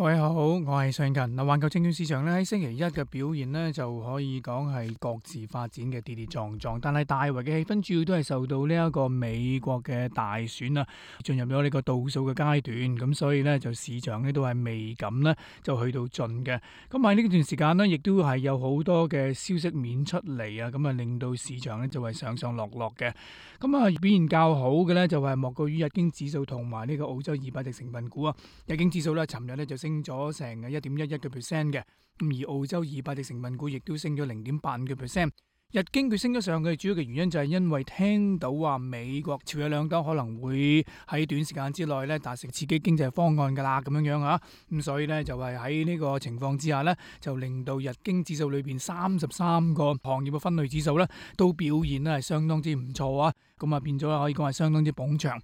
各位好，我係宋慶勤。嗱，環球證券市場咧喺星期一嘅表現咧，就可以講係各自發展嘅跌跌撞撞。但係大圍嘅氣氛主要都係受到呢一個美國嘅大選啊，進入咗呢個倒數嘅階段。咁所以咧就市場咧都係未敢咧就去到盡嘅。咁喺呢段時間咧，亦都係有好多嘅消息面出嚟啊，咁啊令到市場咧就係上上落落嘅。咁啊表現較好嘅咧就係莫過於日經指數同埋呢個澳洲二百隻成分股啊。日經指數咧，尋日咧就升。升咗成一點一一嘅 percent 嘅，咁而澳洲二百隻成分股亦都升咗零點八五嘅 percent。日經佢升咗上去主要嘅原因就係因為聽到話美國朝一兩刀可能會喺短時間之內咧達成刺激經濟方案噶啦咁樣樣啊，咁、嗯、所以咧就係喺呢個情況之下咧，就令到日經指數裏邊三十三個行業嘅分類指數咧都表現咧係相當之唔錯啊，咁啊變咗可以講係相當之捧場。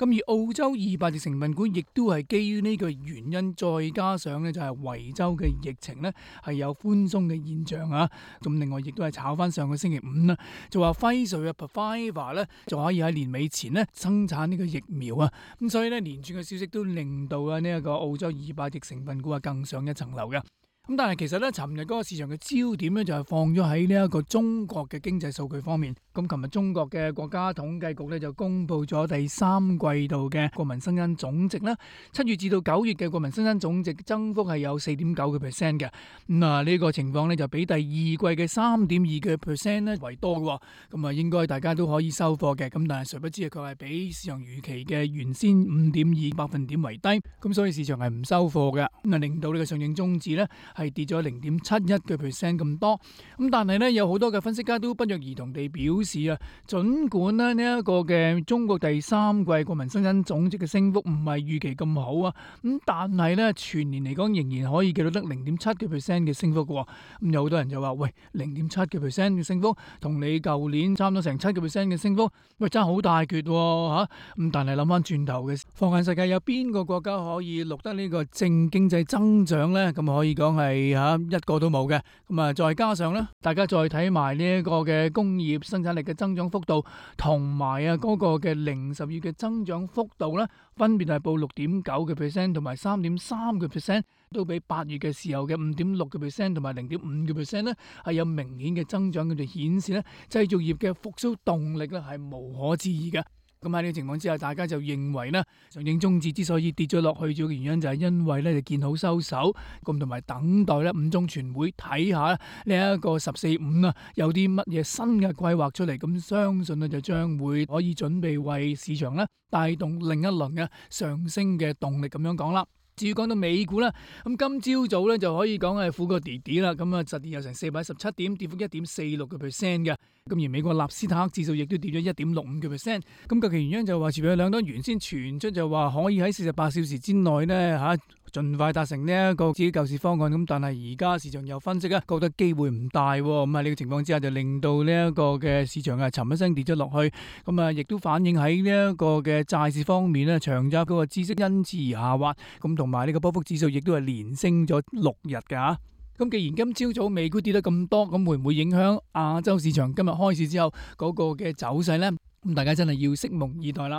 咁而澳洲二百隻成分股亦都係基於呢個原因，再加上咧就係維州嘅疫情咧係有寬鬆嘅現象啊，咁另外亦都係炒翻上個星期五啦，就話輝瑞嘅 Pfizer 咧就可以喺年尾前咧生產呢個疫苗啊，咁所以咧連串嘅消息都令到啊呢一個澳洲二百隻成分股啊更上一層樓嘅。咁但係其實咧，尋日嗰個市場嘅焦點咧就係、是、放咗喺呢一個中國嘅經濟數據方面。咁琴日中國嘅國家統計局咧就公布咗第三季度嘅國民生產總值啦，七月至到九月嘅國民生產總值增幅係有四點九個 percent 嘅。咁啊呢個情況咧就比第二季嘅三點二個 percent 咧為多嘅。咁、嗯、啊應該大家都可以收貨嘅。咁但係誰不知佢係比市場預期嘅原先五點二百分點為低。咁、嗯、所以市場係唔收貨嘅，咁、嗯、啊令到呢個上證綜指咧。係跌咗零點七一嘅 percent 咁多，咁、嗯、但係咧有好多嘅分析家都不約而同地表示啊，盡管咧呢一、這個嘅中國第三季國民生產總值嘅升幅唔係預期咁好啊，咁、嗯、但係咧全年嚟講仍然可以記到得零點七嘅 percent 嘅升幅嘅、哦，咁、嗯、有好多人就話喂零點七嘅 percent 嘅升幅，同你舊年差唔多成七個 percent 嘅升幅，喂爭好大決吓、哦，咁、啊嗯、但係諗翻轉頭嘅，放眼世界有邊個國家可以錄得呢個正經濟增長咧？咁、嗯、可以講。係吓一個都冇嘅。咁啊再加上咧，大家再睇埋呢一個嘅工業生產力嘅增長幅度，同埋啊嗰個嘅零售業嘅增長幅度咧，分別係報六點九嘅 percent 同埋三點三個 percent，都比八月嘅時候嘅五點六嘅 percent 同埋零點五個 percent 咧，係有明顯嘅增長，咁就顯示咧製造業嘅復蘇動力咧係無可置疑嘅。咁喺呢個情況之下，大家就認為咧，上證綜指之所以跌咗落去，主要原因就係因為咧就見好收手，咁同埋等待咧五中全會睇下呢一個十四五啊，有啲乜嘢新嘅規劃出嚟，咁相信咧就將會可以準備為市場咧帶動另一輪嘅上升嘅動力咁樣講啦。至於講到美股啦，咁今朝早咧就可以講係苦過跌跌啦，咁啊實跌有成四百一十七點，跌幅一點四六個 percent 嘅。咁而美國納斯達克指數亦都跌咗一點六五個 percent。咁究其原因就話，前面兩單原先傳出就話可以喺四十八小時之內咧嚇。儘快達成呢一個自己救市方案，咁但係而家市場有分析咧，覺得機會唔大，咁喺呢個情況之下，就令到呢一個嘅市場係沉一聲跌咗落去，咁、嗯、啊，亦、嗯、都反映喺呢一個嘅債市方面咧，長債嗰個孳息因此而下滑，咁同埋呢個波幅指數亦都係連升咗六日嘅吓，咁既然今朝早美股跌得咁多，咁會唔會影響亞洲市場今日開市之後嗰個嘅走勢咧？咁大家真係要拭目以待啦。